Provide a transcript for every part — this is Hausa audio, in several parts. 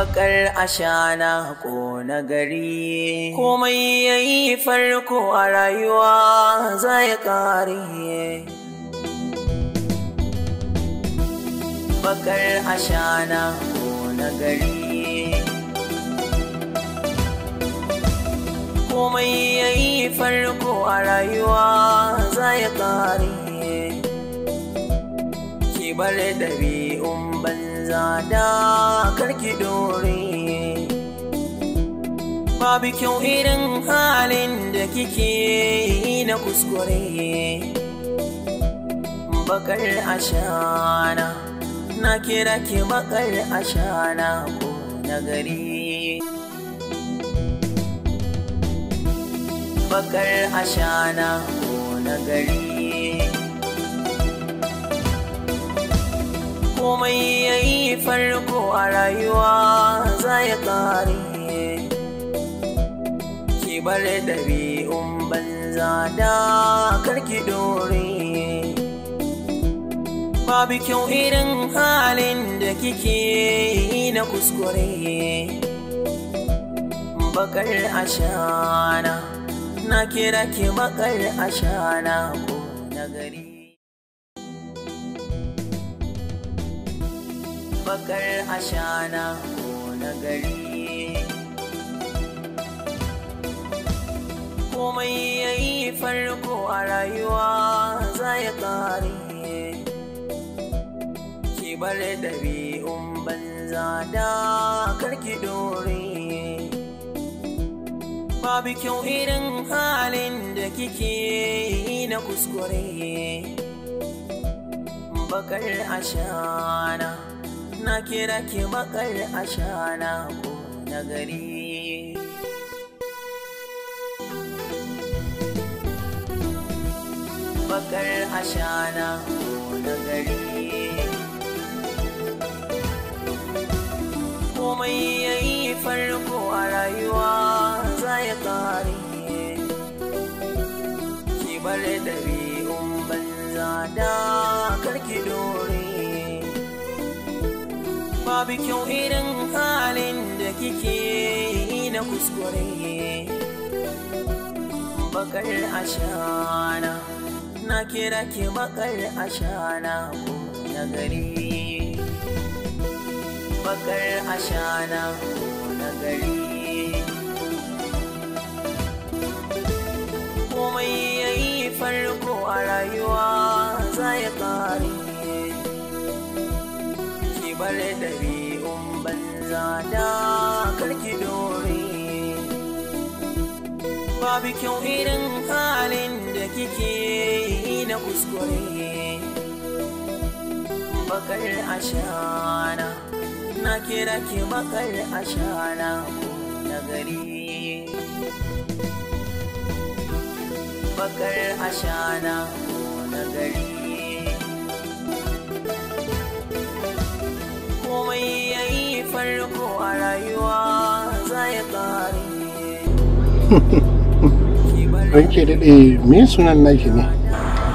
bakar ashana ko na gari komai yayi farko a rayuwa zai kare bakar ashana ko na gari komai yayi farko a rayuwa zai kare ki bar dabi'un zada karki dore babu kyau irin halin da kike yi na kuskure bakar ashana na kira ki bakar ashana ko nagari bakar ashana ko nagari komai ya yi farko a rayuwa za ya kare ki bar ɗabi'un banza da karki dore babu kyau irin halin da kike yi na kuskure bakar ashana na kira ki bakar ashana ko na kar ashana shana ko na gari komai ya yi farko a rayuwa za ya kare ki bar ɗabi'un banza da karki dore babu kyau irin halin da kike yi na kuskure bakar ashana na kira ke makare a shana ko na gari bakar a ko na gari komai ya yi farko a rayuwa za ya kare ki bar ɗabi'un banza da bi kyau irin halin da kike yi na kuskure bakar ashana na kira ki bakar ashana ku na gari bakar ashana ku na gari komai yayi farko a rayuwa za ya kare bar ɗabi'un banza da karki dore babu kyau irin halin da kike yi na kuskure bakar ashana na kira ki bakar ashana ko na gari bakar ashana ko na gari komai ya yi farko a rayuwa za ya ƙare ranke daɗe me sunan naki ne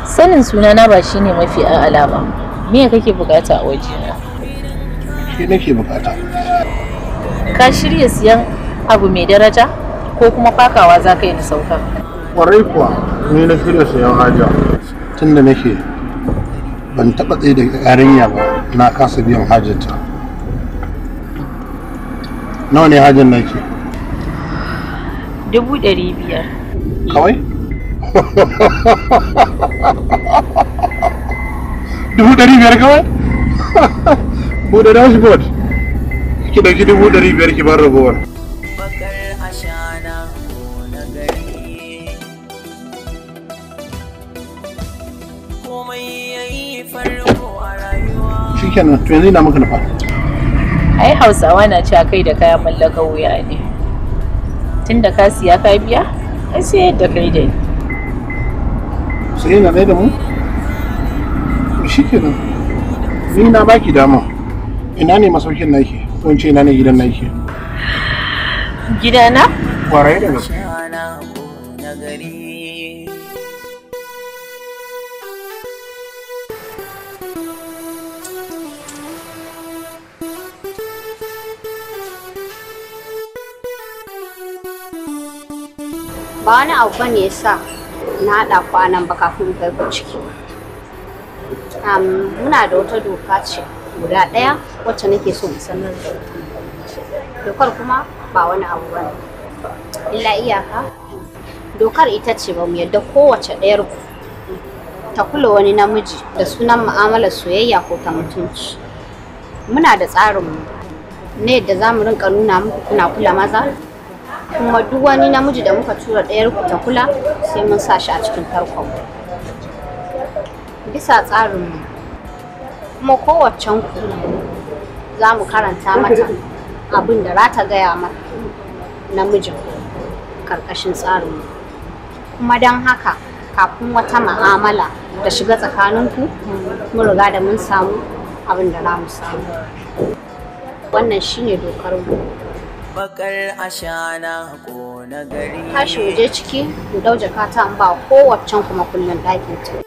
sanin sunana ba shine mafi a alama. me kake bukata a wajena ke nake bukata ka shirya siyan abu mai daraja ko kuma fakawa za ka yi sauka kwarai kuwa ni na shirya siyan haja tunda nake ban taɓa tsaye da yarinya ba na kasa biyan hajjata nawa ne hajin naki dubu ɗari biyar kawai dubu ɗari biyar kawai bude dashboard ki ɗauki dubu ɗari biyar ki bar ragowar shi kenan to yanzu ina maka nufa ai hausawa na cewa kai da kaya mallaka wuya ne tun da ka siya ka biya ai sai yadda kai da ni sai na da mu shi kenan ni na baki dama ina ne masaukin naki ko ce ina ne gidan naki gidana kwarai da gaske ba wani abu ne ya sa na haɗa kwanan ba kafin kai ku ciki muna da wata doka ce guda ɗaya wacce nake so mu sanar da dokar kuma ba wani abu ba ne illa iyaka dokar ita ce ba mu yadda kowace ɗayar ku ta kula wani namiji da sunan mu'amalar soyayya ko ta mutunci muna da tsarin mu ne yadda zamu mu rinka nuna muku kuna kula maza kuma duk wani namiji da muka tura ɗayar ku ta kula sai mun sa shi a cikin tarkon bisa tsarinmu kuma kowaccen ku za mu karanta mata abin da rata gaya mata namijin karkashin tsarinmu kuma don haka kafin wata ma'amala da shiga tsakaninku mun riga da mun samu abin da za mu samu wannan shine dokar mu bakar ashana ko na gari tashi waje ciki ku dau jakata an ba waccan kuma kullun ɗakin ta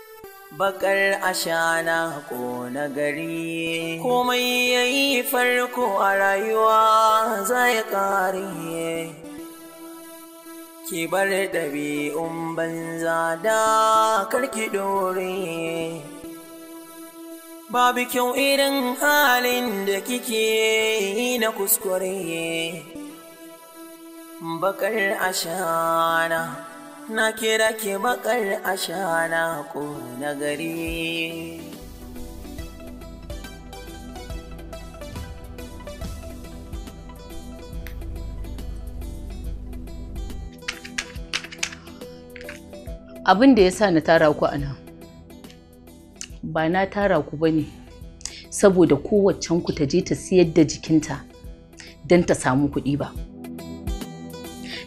bakar ashana ko na gari komai yayi farko a rayuwa zai kare ki bar ɗabi'un banza da karki dore Babu kyau irin halin da kike yi na kuskure. Bakar ashana, na kira ke bakar ashana ko na gari. Abin da ya sa na tara ku a nan. ba na tara ku ba ne saboda kowaccen ku ta je ta siyar da jikinta don ta samu kuɗi ba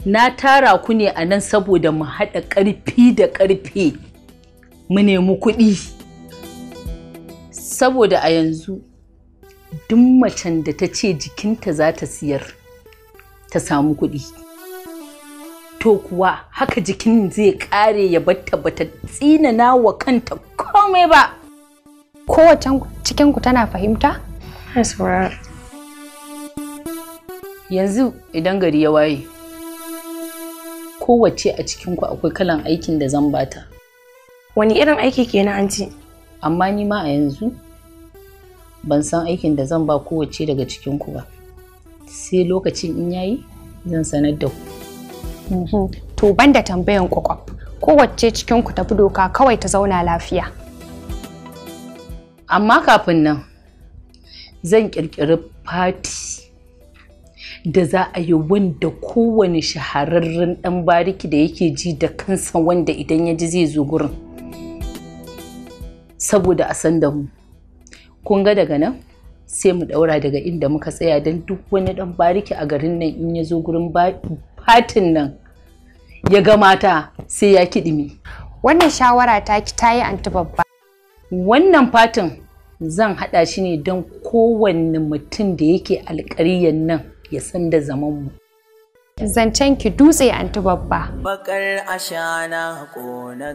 na tara ku ne a nan saboda mu haɗa ƙarfi da ƙarfe mu nemi kuɗi saboda a yanzu duk macen da ta ce jikinta za ta siyar ta samu kuɗi to kuwa haka jikin zai ƙare ya batta bata tsinana wa kanta komai ba kowace cikin ku tana fahimta? Yanzu idan gari ya waye, kowace a cikin ku akwai kalan aikin da zan bata. Wani irin aiki kenan anci? Amma ni ma a yanzu ban san aikin da zan ba kowace daga cikin ku ba. Sai lokacin in yayi zan sanar da ku. Mhm. To banda tambayan kwakwaf, kowace cikin ku fi doka kawai ta zauna lafiya. amma kafin nan zan kirkiri fati da za a yi wanda kowane shahararren dan bariki da yake ji da kansa wanda idan ya ji zai zo gurin saboda a san da mu kun ga daga nan sai mu daura daga inda muka tsaya don duk wani dan bariki a garin nan in ya zo gurin fatin nan ya ga mata sai ya kiɗimi wannan shawara ta ki ta yi babba wannan fatin zan haɗa shi ne don kowanne mutum da yake alkariyar nan ya san da zaman mu. zancen ki dutse anti babba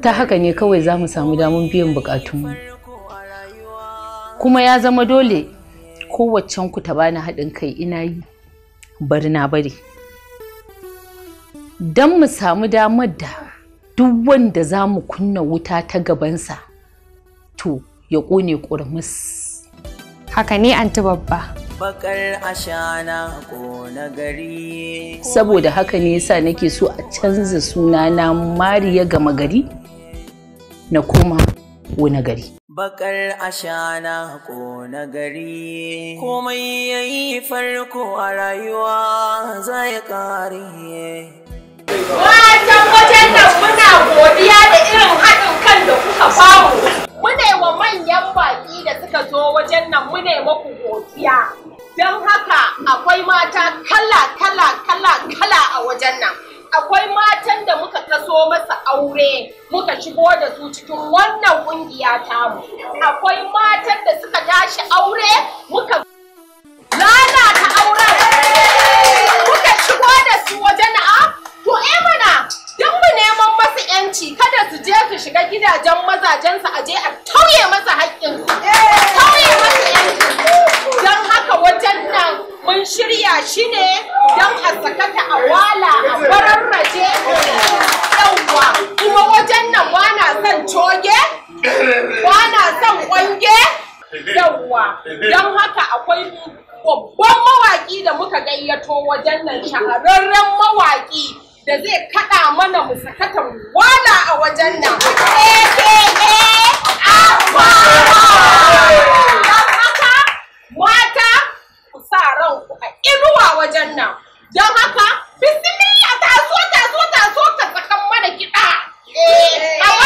ta haka ne kawai za mu samu damun biyan bukatunmu kuma ya zama dole kowaccen ku ta bani haɗin kai ina yi bari na bari don mu samu damar da duk wanda za mu kunna wuta ta gabansa to ya ƙone ƙurmus. Haka ne anti babba. Bakar ashana ko na gari. Saboda haka ne yasa nake so a canza sunana Mariya gama gari na koma wani gari. Bakar ashana ko na gari. Komai ya yi farko a rayuwa zai kare. Wa tabbatar nan muna godiya da irin haɗin kan da kuka samu. kuma manyan baƙi da suka zo wajen nan mu ne muku godiya. Don haka akwai mata kala kala kala kala a wajen nan. Akwai matan da muka taso masa aure muka shigo da su cikin wannan ƙungiya tamu. Akwai matan da suka tashi aure muka su je su shiga gidajen mazajensu a je a tauye masa haƙƙin tauye masa yankin don haka wajen nan mun shirya shi ne don a sakata a wala a raje yawwa kuma wajen nan ba na son coge ba na son ƙwange yawwa don haka akwai babban mawaƙi da muka gayyato wajen nan shahararren mawaƙi da zai kaɗa mana mu sakatan wala a wajen nan. Mata ku sa ranku a inuwa wajen nan. Don haka, bismillah ta so ta so ta mana kiɗa. Eh.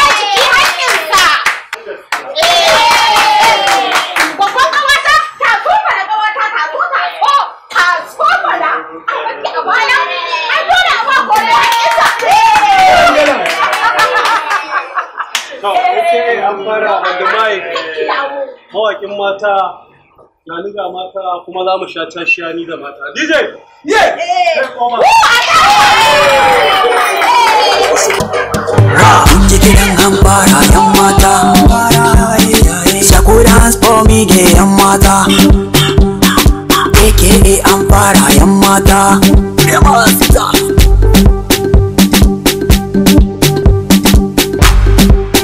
baƙin mata na mata kuma za mu sha tashiya ni da mata DJ Kun ji ‘yan mata, Shaku dance for me ke ‘yan mata, AKA an fara ‘yan mata.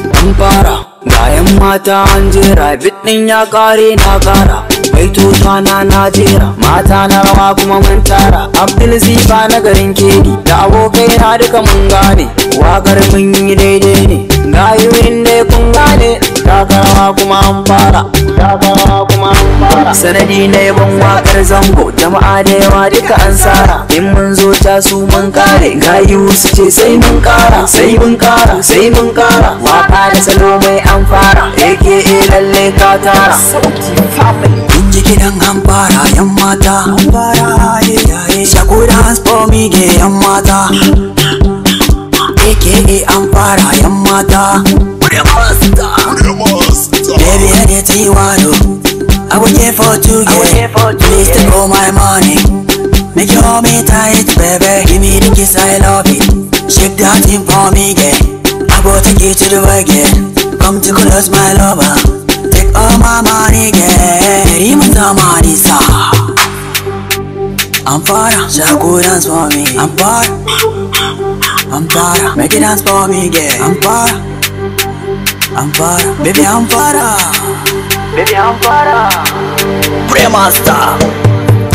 An mata anjira jira ɗin ya ƙare na baitota na na jera mata na rawa kuma mun tara abdul zifa na garin kedi da abokai na duka mun gane wakar mun yi daidai ne gayurin dai kun gane takarawa kuma an fara sanadi na yabon wakar zango jama'a da yawa duka an sara. in mun zo ta su mun kare gayu su ce sai mun kara sai mun kara sai mun kara waka da salo mai an fara Ake lalle ka tara Ji kiɗan hamfara yan mata Shakura dance for me ge yan mata AKA amfara yan mata Baby I anything you want to I will care for two get Please take all my money Make you hold me tight baby Give me the kiss I love it Shake that thing for me get I will take you to the world get Come to close my lover Take all my money get Karimta Marisa I'm dance for me I'm make it dance for me, yeah I'm baby i Baby I'm fire Premasta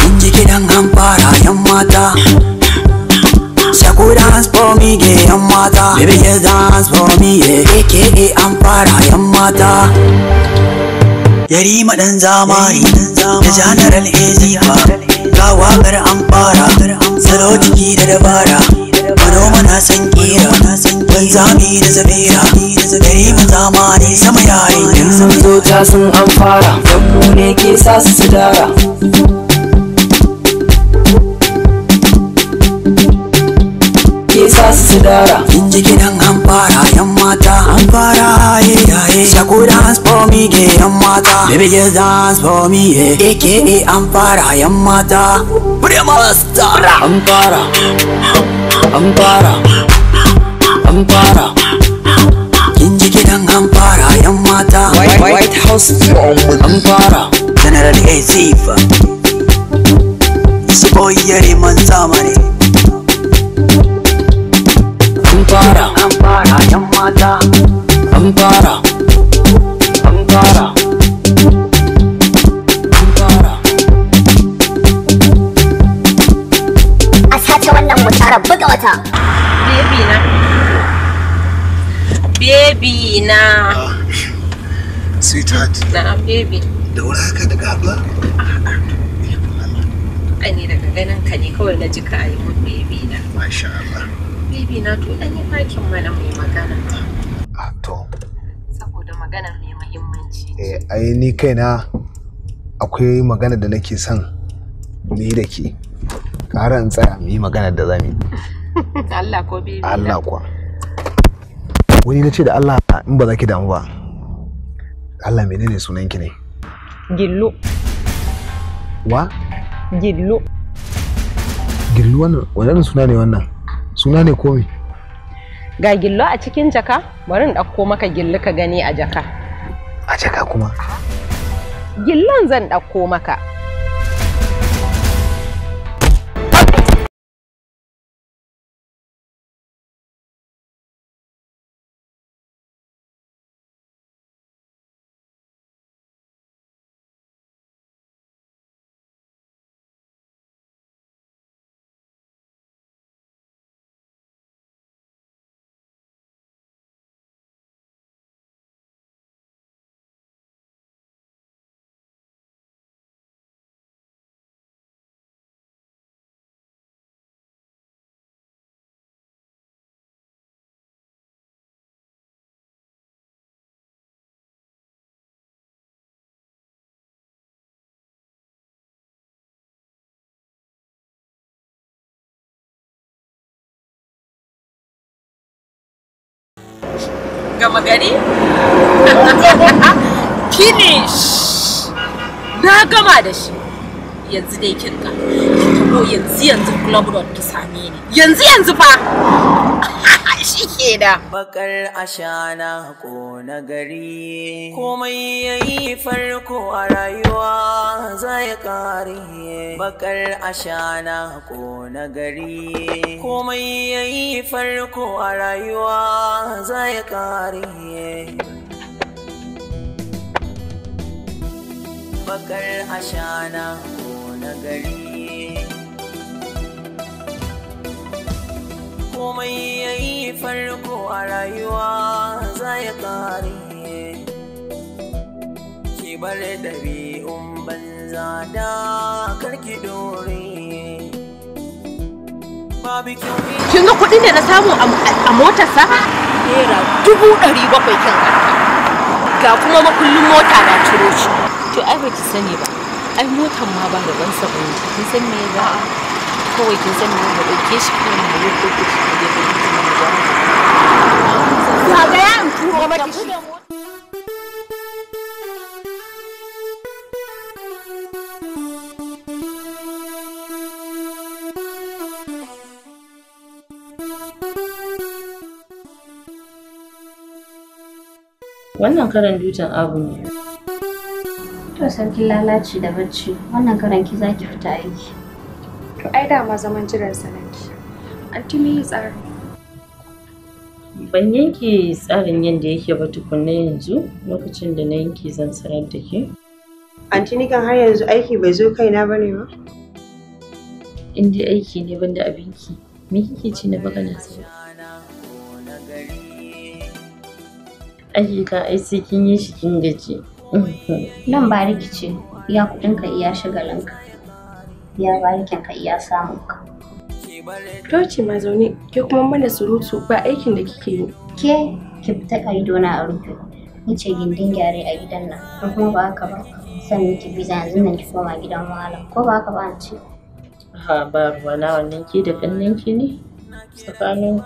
Inji kidan I'm fire, yan mata dance for me, yeah, yan mata Baby just dance for me, yeah AKA I'm fire, yari madan zamani da janaral ezifa ga wakar an fara salo jiki da dabara Mano mana san kira banzami da zabira yari zamani sama yare yanzu zo ta sun an fara ne ke sa su dara ke sa su dara ji gidan an fara mata An fara haye yaye Shaku dance for me ge yan mata Baby just dance for me ye AKA an fara yan mata Prima star An fara I'm fara An fara Kin ji I'm an fara yan mata White, White white House An fara General Azifa Su boy yari man samani Tat? Na'am, baby. Da wuri haka daga haɗuwa? A'a. Ai ne daga ganin ka ne kawai na ji ka yi mun baby na. Masha Allah. Baby na to ɗan yi makin mana mai magana. A ah, to. Saboda magana mai muhimmanci. Eh, ai ni kaina akwai magana da nake son ni da ke. Ƙara in tsaya mu yi magana da zamu yi. Allah ko baby. Allah kuwa. Wani na ce da Allah in ba za ki damu ba. Allah menene sunanki ne? Gillo. Wa? Gillo. Gillo wannan wannan suna ne wannan? Suna ne ko me? Ga gillo a cikin jaka, bari in ɗauko maka gillo ka gani a jaka. A jaka kuma? Gillon zan ɗauko maka. gama gari finish na gama da shi yanzu dai kinka ko yanzu yanzu club road ta same ni yanzu yanzu fa shi ke da bakar ashana ko na gari komai yayi farko a rayuwa zai kare bakar ashana ko na gari komai yayi farko a rayuwa zai kare bakar ashana nagari komai yi farko a rayuwa za ya kare ki bar ɗabi'un banza da karki dore kin ga kuɗin da na samu a motarsa naira dubu ɗari bakwai kin ga kuma makullin mota na ciro shi to ai ba ki sani ba ai motan ma ba gaban sa ba ne kin san me ba kawai kin san me ba dauke shi ko na yi ko ki shi da ke cikin gaba ga ya turo mata shi wannan karan dutan abu ne sarkin lalaci da bacci wannan karan ki zaki fita aiki. To ai da ma zaman jiran sanaki. an tumi yi tsari? Ban yanke tsarin yadda yake ba tukunna yanzu lokacin da na yanke zan sanar da ke. Anti ni kan har yanzu aiki bai zo kaina ba ne ba? In dai aiki ne banda abinki. Me kike ci na na sai? Aiki ka ai sai kin yi shi kin gaji. Nan ba rikice, iya kuɗinka iya shagalinka, iya barikinka iya samunka. Toci ma zaune, ke kuma mana surutu ba aikin da kike yi. Ke, ki fita ƙa'idona a rufe, ni ce gindin gyare a gidan nan, ko kuma ba haka ba, sannan ki biza yanzu nan ki koma gidan malam, ko ba haka ba ce. Ha ba ruwana wannan ki da ƙannanki ne? Tsakanin.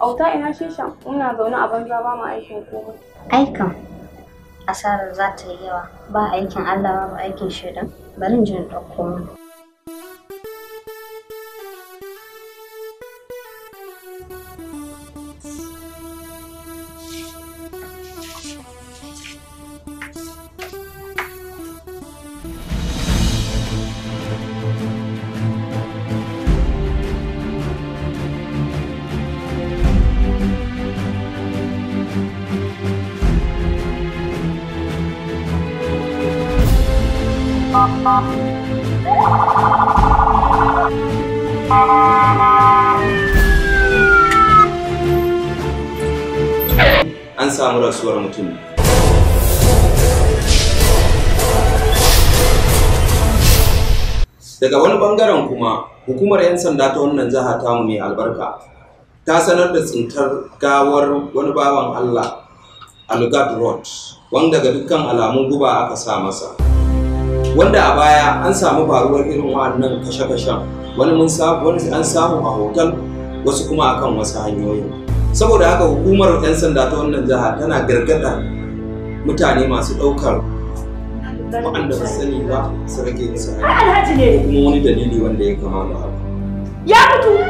Auta ina shishan, ina zaune a banza ba ma aikin komai. Aikan, asarar za ta yi yawa ba aikin Allah ba aikin shaidan barin jin ɗauko hukumar 'yan sanda ta wannan jiha tamu mai albarka ta sanar da tsintar gawar wani bawan allah algad road wanda ga dukkan alamun guba aka sa masa wanda a baya an samu faruwar irin wannan kashe-kashen wani mun wani an samu a hotel wasu kuma akan wasu hanyoyi saboda haka hukumar 'yan sanda ta wannan jiha tana gargada mutane masu ɗaukar waɗanda ba sani ba su rage alhaji ne. Kuma wani dalili wanda ya kama da haka. Ya mutu.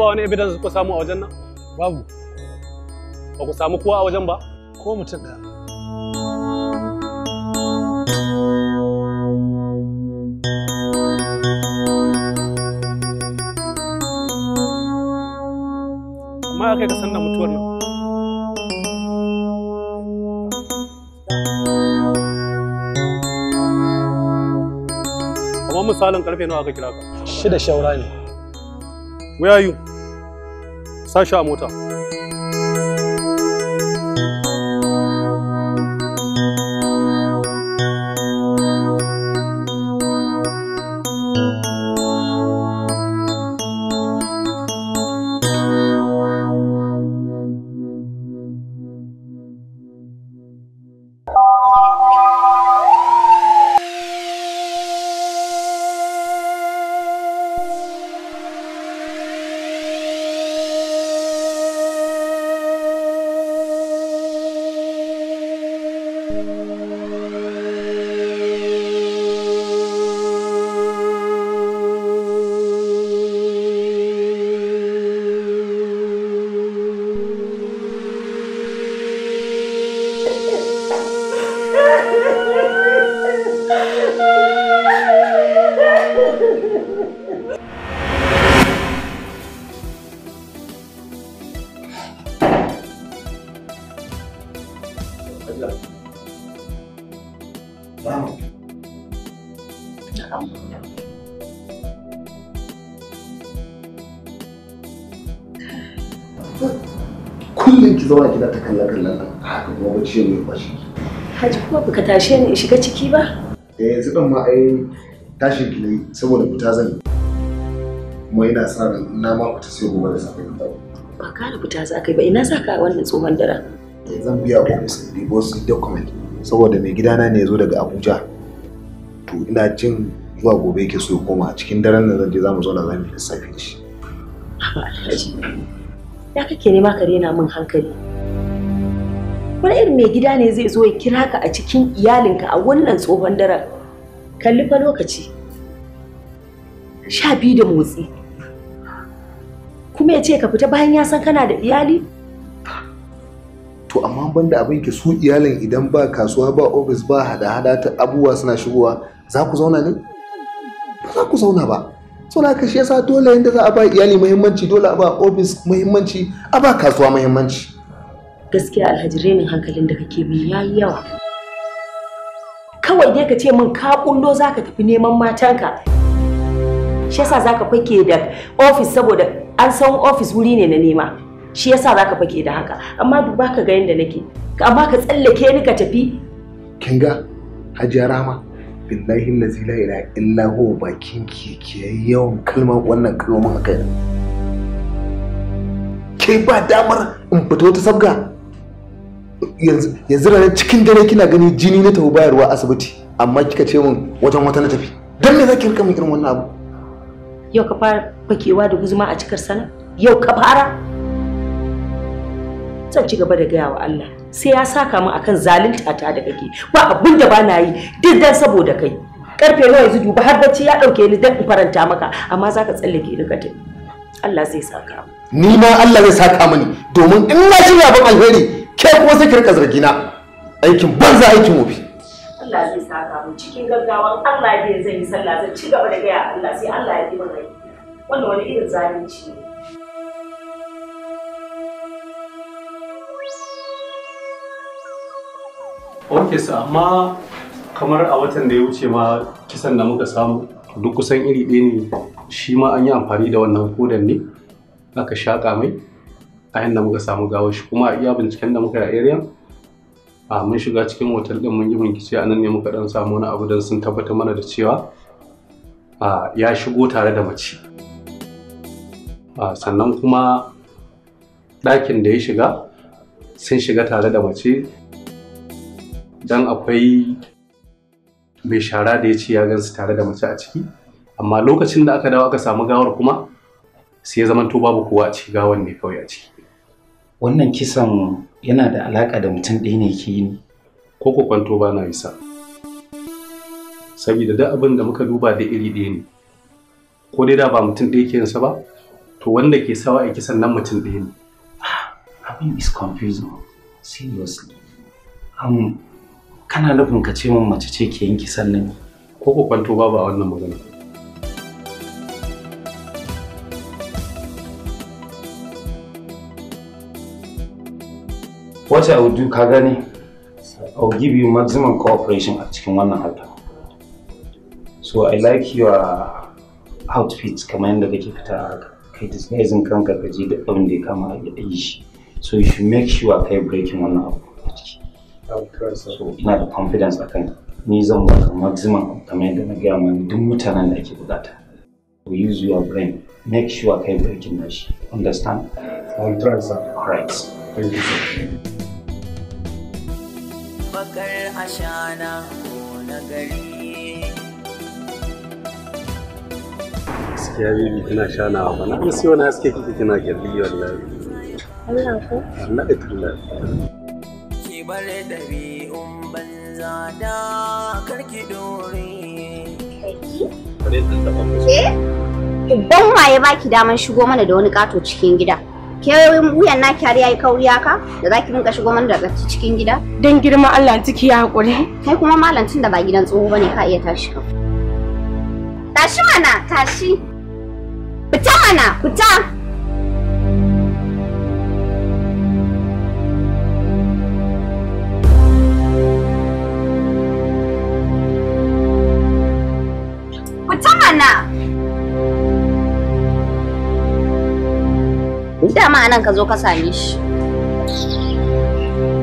ba wani evidence ku samu a wajen nan babu ba ku samu kowa a wajen ba ko mutum ɗaya amma ya kai ka san da mutuwar nan kamar misalin karfe nawa aka kira ka shida shaura ne where are you sashi a mota gayyace ni shiga ciki ba? da eh, yanzu ɗin ma ai tashin ki ne saboda fita zan yi. Kuma ina sa ran na ma fita sai gobe da safe ka dawo. Ba ka da fita za ka yi ba ina sa ka wannan tsohon dara. Eh, zan biya ofis in ɗibo su document saboda mai gidana ne ya zo daga Abuja. To ina jin zuwa gobe yake so ya koma cikin daren nan zan je za mu zauna za mu yi lissafi da shi. Ya kake nema ka rena min hankali. wani irin mai gida ne zai zo ya kira ka a cikin iyalinka a wannan tsohon daren kalli fa lokaci sha biyu da motsi kuma ya ce ka fita bayan ya san kana da iyali to amma banda abin ki su iyalin idan ba kasuwa ba ofis ba hada-hada ta abubuwa suna shigowa za ku zauna ne ba za ku zauna ba sau da shi yasa dole yadda za a ba iyali muhimmanci dole a ba ofis muhimmanci a ba kasuwa muhimmanci gaskiya alhaji renin hankalin da kake bi yayi yawa kawai dai ka ce min ka kullo zaka ka tafi neman matanka shi yasa za ka fake da ofis saboda an san ofis wuri ne na nema shi yasa za fake da haka amma duba ka ga yanda nake amma ka tsallake ni ka tafi kin ga hajiya rama billahi nazi la ilaha illa hu bakin ki ke yawan kalmar wannan kalmar akai ke ba damar in fito ta sabga yanzu ranar cikin dare kina gani jini na tafi bayarwa asibiti amma kika ce min wajen wata na tafi don me zaki rika min irin wannan abu yau ka fara fakewa da guzuma a cikar sana yau ka fara zan ci gaba da gaya wa Allah sai ya saka min akan zalunta ta da kake ba abin da ba na yi duk dan saboda kai karfe nawa yanzu duba har bacci ya dauke ni dan in faranta maka amma zaka tsallake ni ka Allah zai saka ni ma Allah zai saka mini domin in na shirya ban alheri ke kuma sai ki rika na aikin banza aikin wofi Allah zai saka mu cikin gaggawa Allah zai zai yi sallah zai ci gaba da gaya Allah sai Allah ya yi min rai wannan wani irin zalunci ne ok su amma kamar a watan da ya wuce ma kisan da muka samu duk kusan iri ɗaya ne shi ma an yi amfani da wannan kodan ne aka shaƙa mai a yadda muka samu gawar shi kuma iya binciken da muka yi a area a mun shiga cikin hotel din mun yi bincike a nan ne muka dan samu wani abu don sun tabbatar mana da cewa ya shigo tare da mace sannan kuma ɗakin da ya shiga sun shiga tare da mace don akwai mai shara da ya ce ya gansu tare da mace a ciki amma lokacin da aka dawo aka samu gawar kuma sai ya zama to babu kowa a ciki gawan ne kawai a ciki wannan kisan yana da alaƙa da mutum ɗaya ne ke yi ne ko ku kwanto ba na isa saboda da abin da muka duba da iri ɗaya ne ko dai da ba mutum ɗaya ke yinsa ba to wanda ke sawa a kisan nan mutum ɗaya ne abin is confusing seriously um, kana nufin ka ce min mace ce ke yin kisan nan ko ku kwanto ba ba a wannan magana what I would do ka gane I will give you maximum cooperation a cikin wannan harka so I like your outfits kamar yadda kake fita haka kai disguising kanka ka ji da abin da ya kama ya yi shi so you should make sure kai breaking wannan abu a ciki so ina da confidence akan ni zan baka maximum kamar yadda na gaya mana duk mutanen da ake bukata we use your brain make sure kai breaking nashi understand I'll try sir all right thank you sir ashana ko na gari gaskiya bibi kina shana wa bana kuma siyo na haske kike kina gyalli wallahi Allah ko Allah ka talla ki bare dabi'un banza da karki dore kai ki ban waye baki daman shigo mana da wani kato cikin gida ke wuyan naki hari yayi kauri haka da zaki rinka shigo mana daga cikin gida dan girma Allah ciki ya hakuri kai kuma malam tun da ba gidan tsoho bane ka iya tashi ka tashi mana tashi fita mana fita dama anan ka zo ka same shi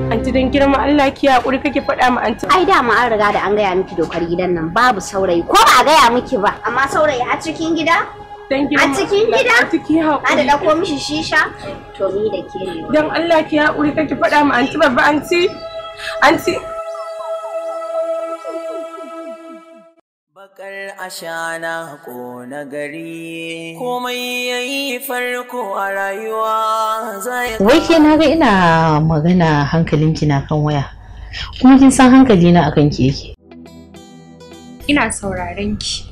anti don girma Allah ki hakuri kake faɗa ma anti ai dama an riga da an gaya miki dokar gidan nan babu saurayi ko ba a gaya miki ba amma saurayi a cikin gida a cikin gida a cikin haƙuri da ko mishi shisha to ni da ke ne don Allah ki hakuri kake faɗa ma anti babba anti anti ashana ko na gari komai yayi farko a rayuwa wai ke na ga ina magana hankalinki na kan waya kuma kin san hankali na akan ki yake ina sauraren ki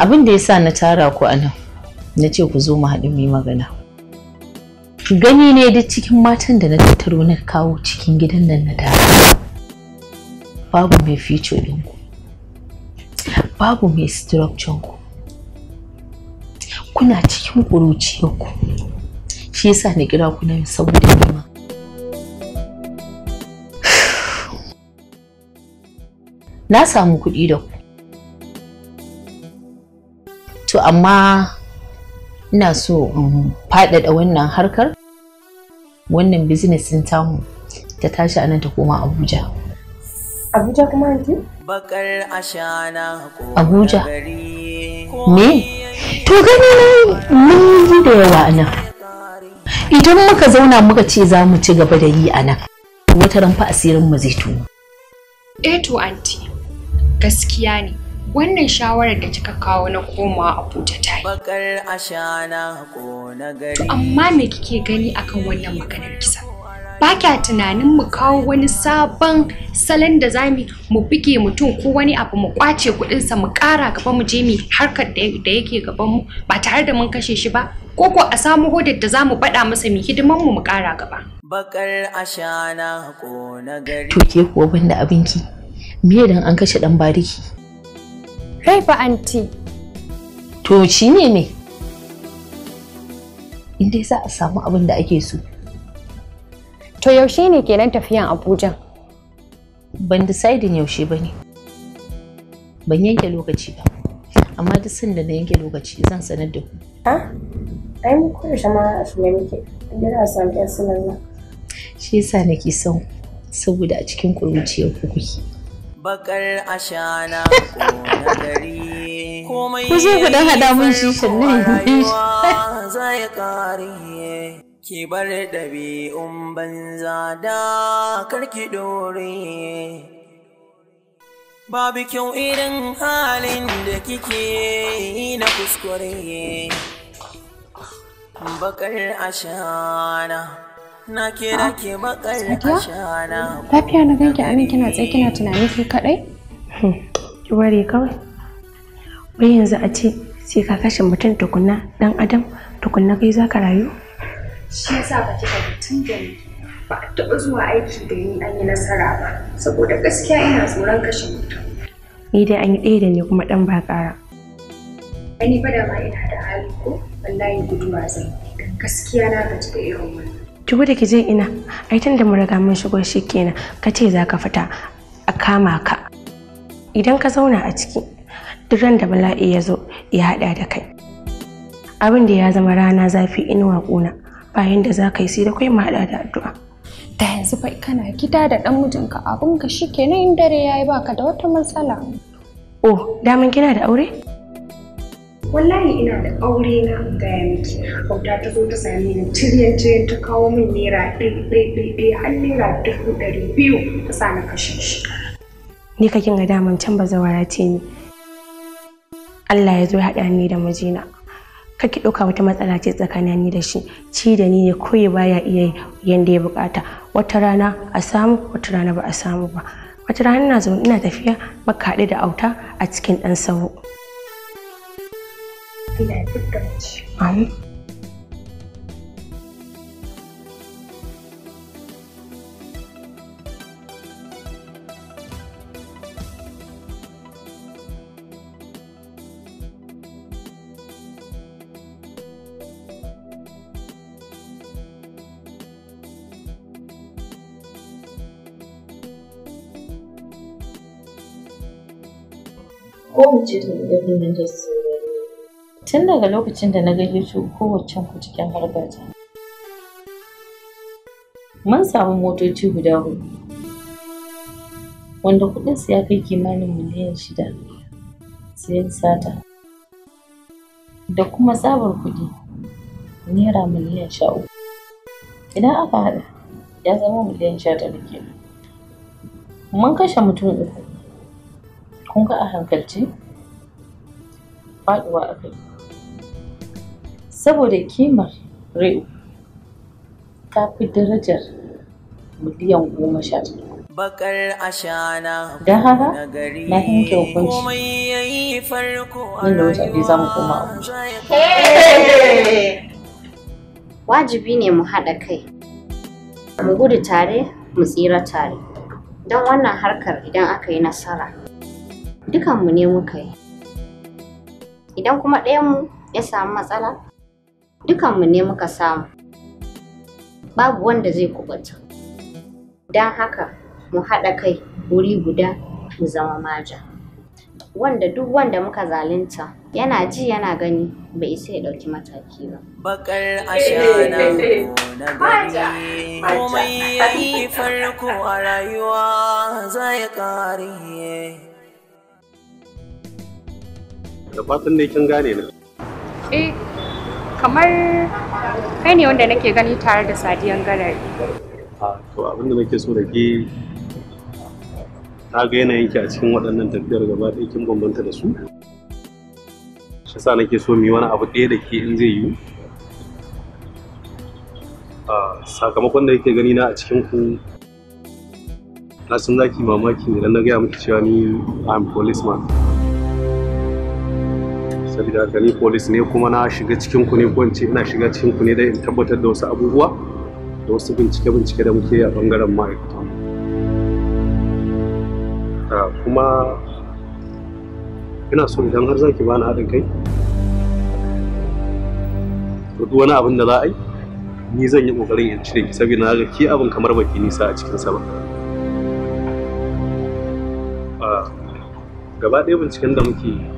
abin da yasa na tara ku anan na ce ku zo mu haɗu mu magana gani ne duk cikin matan da na tattaro na kawo cikin gidan nan na da babu mai feature ɗinku babu mai structure ku kuna cikin ƙuruciyarku shi yasa na kira ku na saboda nema na samu kuɗi da ku to amma ina so in faɗaɗa wannan harkar wannan business ɗin tamu ta tashi a nan ta koma abuja abuja kuma yanzu? bakar ashana abuja me to gani mun yi da yawa a nan idan muka zauna muka ce za mu ci gaba da yi a nan wata ranfa asirin mu zai tuno eh to anti gaskiya ne wannan shawarar da kika kawo na komawa abuja ta yi to amma me kike gani akan wannan maganar kisa ba kya tunanin mu kawo wani sabon salon da zamu mu buge mutum ko wani abu mu kwace kuɗinsa mu ƙara gaba mu je mu harkar da yake gaban mu ba tare da mun kashe shi ba ko ko a samu hodar da zamu baɗa masa mu hidiman mu mu ƙara gaba bakar ashana ko na gari to ke kuwa banda abinki me dan an kashe dan bariki Rai fa anti. To shi ne me? In dai za a samu abin da ake so. To yaushe ne kenan tafiyan Abuja? Ban disaidin yaushe ba ne. Ban yanke lokaci ba. Amma duk sanda na yanke lokaci zan sanar da ku. Ha? Ai mu kuma shama a ne muke. Inda za a samu 'yan sunan nan. Shi yasa nake son saboda a cikin kuruciyar ku kuke. bakar ashana ko gari komai ku zo ku hada mun shi shannan zai kare ki bar ɗabi'un banza da karki dore babu kyau irin halin da kike yi na kuskure bakar ashana na lafiya na ganki anan kina tsaye kina tunani ke kadai hmm, ki ware kawai wai yanzu a ce sai ka kashe mutum tukunna dan adam tukunna kai ka rayu shi yasa ba kika tun da ba a taɓa zuwa aiki da ni an yi nasara ba saboda gaskiya ina tsoron kashe mutum ni dai an yi ɗaya da ni kuma ɗan ba ƙara ni fa da ma ina da hali ko wallahi guduwa zan gaskiya na gaji da irin wannan ki da ki je ina ai tun da mu riga mun shigo shikenan ka ce za ka fita a kama ka idan ka zauna a ciki duk ran da bala'i ya zo ya haɗa da kai abin da ya zama rana zafi inuwa ƙuna bayan da za ka yi sai da kai haɗa da addu'a da yanzu fa kana gida da ɗan mijinka abin ka shikenan in dare yayi baka da wata matsala oh daman kina da aure wallahi ina da aure na ga miki bauta ta zo ta same ni ciryan ce ta kawo min naira ɗai har naira dubu ɗari biyu ta sa na kashe shi ni ka kin ga daman can ba zawara ce ni Allah ya zo haɗa ni da mijina kake ɗauka wata matsala ce tsakanin ni da shi ci da ni ne koyi baya iya yanda ya bukata wata rana a samu wata rana ba a samu ba wata rana ina zaune ina tafiya maka haɗe da auta a cikin ɗan sauro 来不赶去。嗯。我们集团的里面就是。tun daga lokacin da na su kowace ku cikin harbata. Mun samu motoci guda hudu, wanda kuɗinsu ya kai kimanin miliyan shida sayan sata, da kuma tsabar kuɗi naira miliyan sha uku. Idan aka haɗa ya zama miliyan sha tara ke. Mun kashe mutum uku, kun ga a hankalci faɗuwa a kai. saboda kimar Rio ta fi darajar miliyan goma sha Bakar ashana da haka na hinke hukunci nan da wata za mu koma Wajibi ne mu haɗa kai, mu gudu tare, mu tsira tare. Don wannan harkar idan aka yi nasara, dukanmu ne muka yi. Idan kuma ɗayanmu ya samu matsala, dukanmu ne muka samu babu wanda zai kubuta don haka mu haɗa kai wuri guda mu zama maja wanda duk wanda muka zalunta yana ji yana gani bai isa ya ɗauki mataki ba. Bakar ashana na gani komai ya yi farko a rayuwa zai kare. Da fatan ne kin gane na. Eh, kamar kai ne wanda nake gani tare da sadiyan garari ah, to abin da nake so da ke ta ga yanayin ki a cikin waɗannan tafiyar gaba ɗaya kin bambanta da su shi sa nake so mu yi wani abu ɗaya da ke in zai yiwu ah, sakamakon da yake gani na a cikin ku na san zaki mamaki idan na gaya miki cewa ni am policeman saboda haka ni polis ne kuma na shiga cikin ku ne ko ina shiga cikin ku ne dai in tabbatar da wasu abubuwa da wasu bincike bincike da muke a bangaren ma'aikata ah, kuma ina so idan har zaki bani haɗin kai to duk wani abin da za a yi ni zan yi ƙoƙarin in cire ki saboda na ga ki abin kamar baki nisa a cikin sa ba ah, gaba ɗaya binciken da muke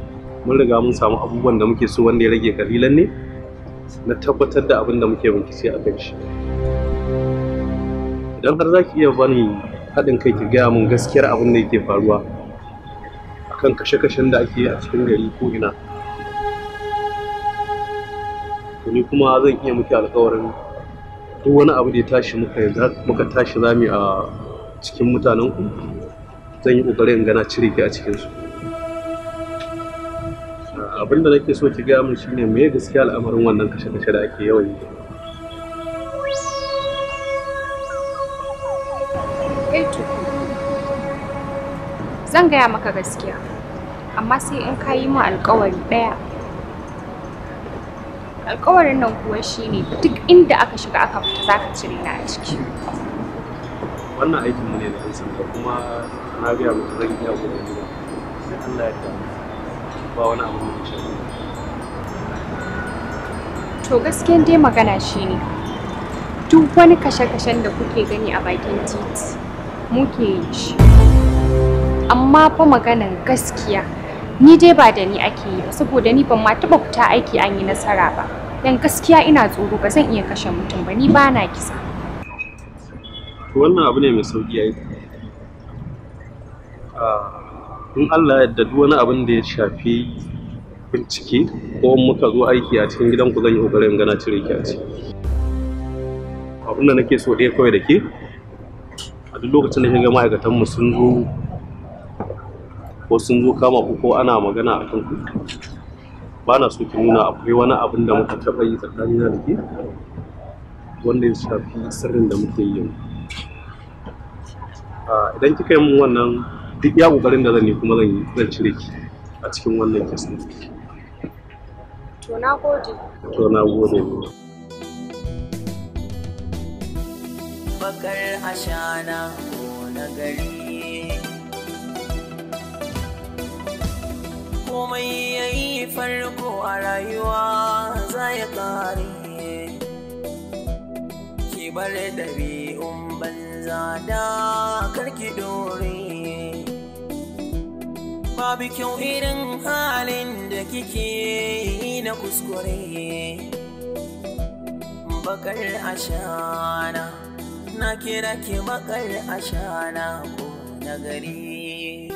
mun riga mun samu abubuwan da muke so wanda ya rage kalilan ne na tabbatar da abin da muke bincike a kan shi idan har za ki iya bani haɗin kai ki gaya mun gaskiyar abin da yake faruwa akan kashe-kashen da ake yi a cikin gari ko ina to ni kuma zan iya muke alkawarin duk wani abu da ya tashi muka tashi zami a cikin mutanen ku zan yi ƙoƙarin gana cire ki a su abin da nake so ki gaya min shine me gaskiya al'amarin wannan kashe-kashe da ake yawan yi eh zan gaya maka gaskiya amma sai in ka yi min alkawari ɗaya alkawarin nan kuwa shine duk inda aka shiga aka fita za ka cire na a ciki wannan aikin mu ne da sanda kuma na gaya mutum zan iya gobe sai Allah ya ba wani abu da shi to gaskiyan dai magana shi ne, duk wani kashe-kashen da kuke gani a bakin titi muke yi shi amma fa maganan gaskiya ni dai ba da ni ake yi ba saboda ni ban ma taɓa fita aiki an yi nasara ba dan gaskiya ina tsoro ba zan iya kashe mutum ba ni ba na kisa to wannan abu ne mai sauki ai ah in Allah yadda duk wani abin da ya shafi bincike ko muka zo aiki a cikin gidan ku zan yi kokarin gana cire ki a ci abin nake so ɗaya kawai da ke a duk lokacin da kinga ma'aikatan mu sun zo ko sun zo kama ku ko ana magana a kanku ba na so ki nuna akwai wani abin da muka taɓa yi tsakanin da ke wanda ya shafi sirrin da muke yi ah, idan kika yi mun wannan duk ya kokarin da zan yi kuma zan yi zan cire ki a cikin wannan kes din to na gode to na gode bakar ashana ko na gari komai yayi farko a rayuwa za ya kare bar ɗabi'un banza da karki dore babu kyau irin halin da kike yi na kuskure bakar ashana na kira ki bakar ashana ko nagari.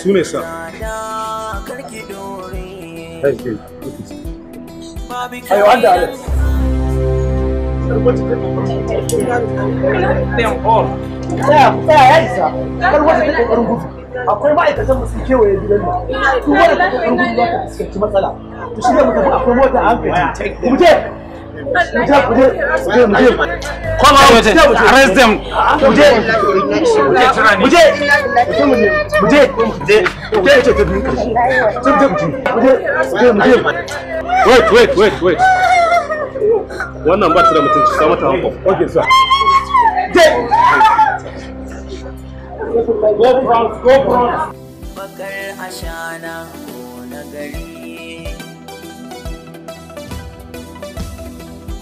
su ne sa ayo alex oh. akwai ma'aikatan kewaye gidan nan su wadda ta kokarin gudu za fuskanci matsala to shi mutum akwai mota a hankali je je je je come out arrest them muje muje muje muje wait wait wait wait okay sir go front go front bakar ashana ko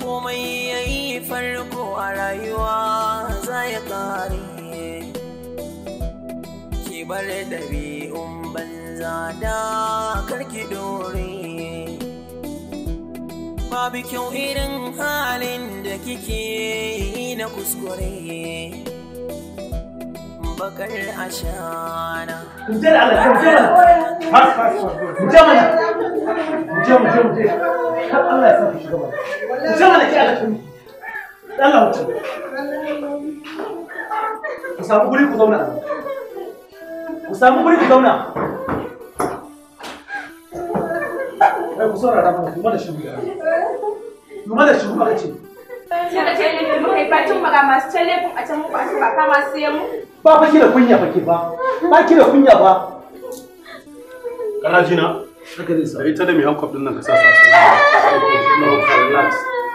komai yi farko a rayuwa za ya kare. ki bar ɗabi'un banza da karki dore babu kyau irin halin da kike yi na kuskure bakar ashana. Mujal Allah, mujal. Ha, Allah wuce. Ku samu guri ku zauna. Ku samu guri ku zauna. Kai ku saurara mana kuma da Kuma da da masu a can a kama Ba ki da ba. Ba da kunya ba. Kana jina? Haka zai sa. Ita da mai hankwaf ɗin nan ka sa sa. Relax.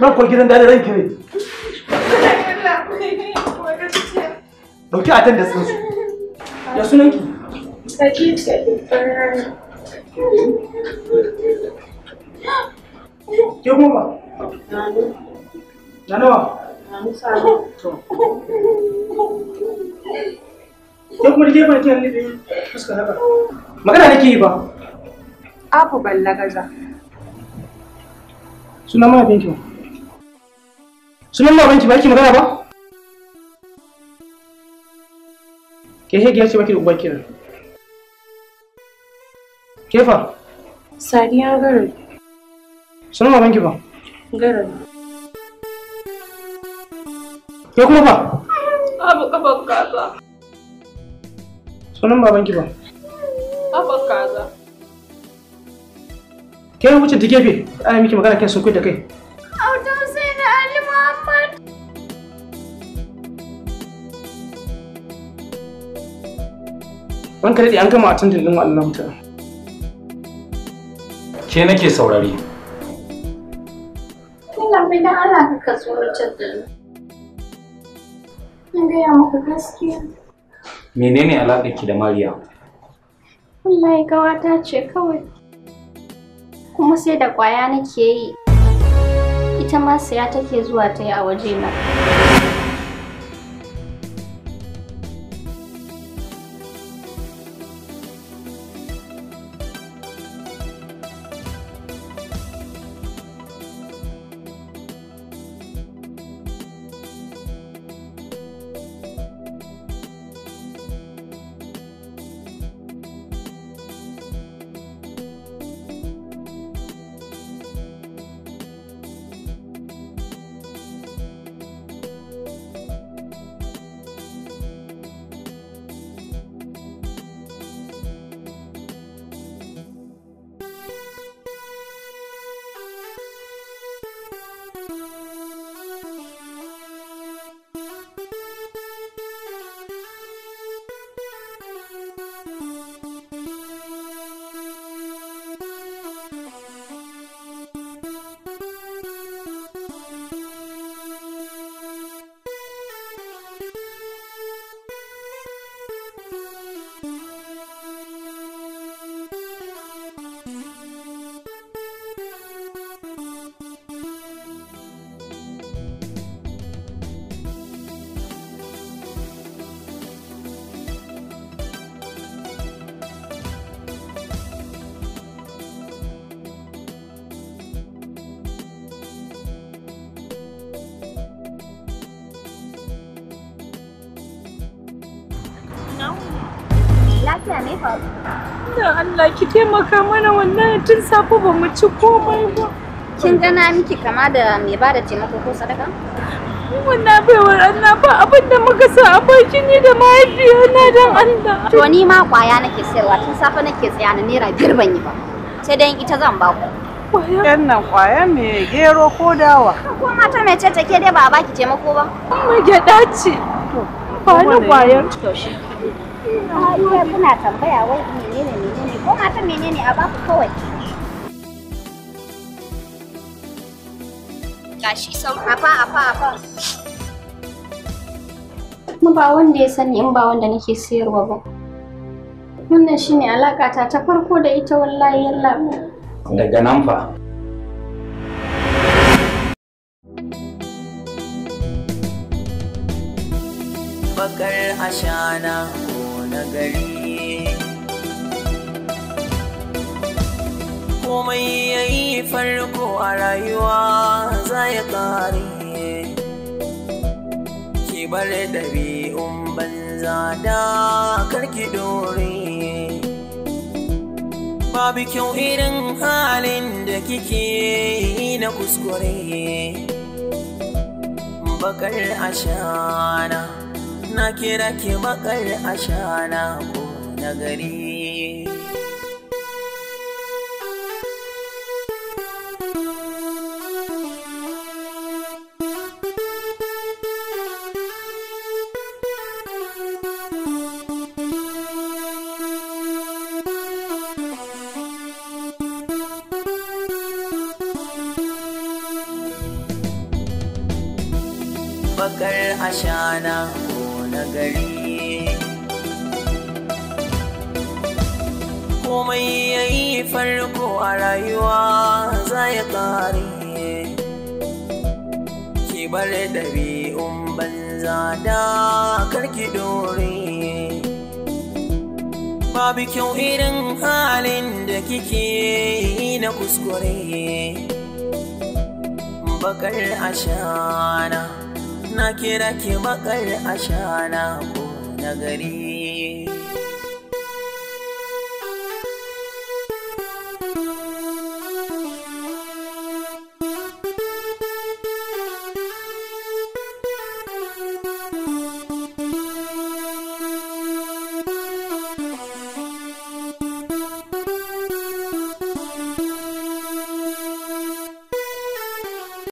nan ko gidan dare ranki ne dauki a tan da sun su ya sunan ki ke kuma ba na nawa ke kuma da gefen kiyar ne da fuska haka magana nake yi ba afu ballagaza suna mana binkin sunan ba baki magana ba ke shege ya ce baki da uban kenan kefa sariya garin sunan babanki ba garin ke kuma ba abu kafan kaza sunan babanki ba kafan kaza ke wuce ta gefe ana miki magana kai sun kai da kai auto sai Ranka daɗe an gama a tantar ɗin waɗannan mutane. Ke nake saurare. Kila mai dan Allah ka tsoratar da ni. In gaya maka gaskiya. Menene alaƙarki da Mariya? Wallahi gawata ce kawai. Kuma sai da ƙwaya nake yi. Ita ma siya take zuwa ta yi a na. lafiya ne fa Allah ki taimaka mana wannan tun safe ba mu ci komai ba kin gana miki kama da mai bada taimako ko sadaka wannan baiwar Allah ba abin da muka sa a baki ni da mahaifiyana don Allah to ni ma kwaya nake sayarwa tun safe nake tsaya na naira biyar ban yi ba sai dai ita zan ba ku Yan nan kwaya mai gero ko dawa. Ko mata mai ce take dai ba a baki taimako ba. Mai gyaɗa ce. Ba ni kwayar. To shi kuma suna tambaya wai menene menene ko ma ta menene a baku kawai gashi sam afa afa afa kuma ba wanda ya sani in ba wanda nake sayarwa ba wannan shine alakata ta farko da ita wallahi yalla daga nan fa bakar ashana nagari komai ya yi farko a rayuwa za ya kare ki bar ɗabi'un banza da karki dore babu kyau irin halin da kike yi na kuskure bakar ashana na kira ke bakar ashana ko na gari babu kyau irin halin da kike yi na kuskure bakar ashana na kira ki bakar ashana ko na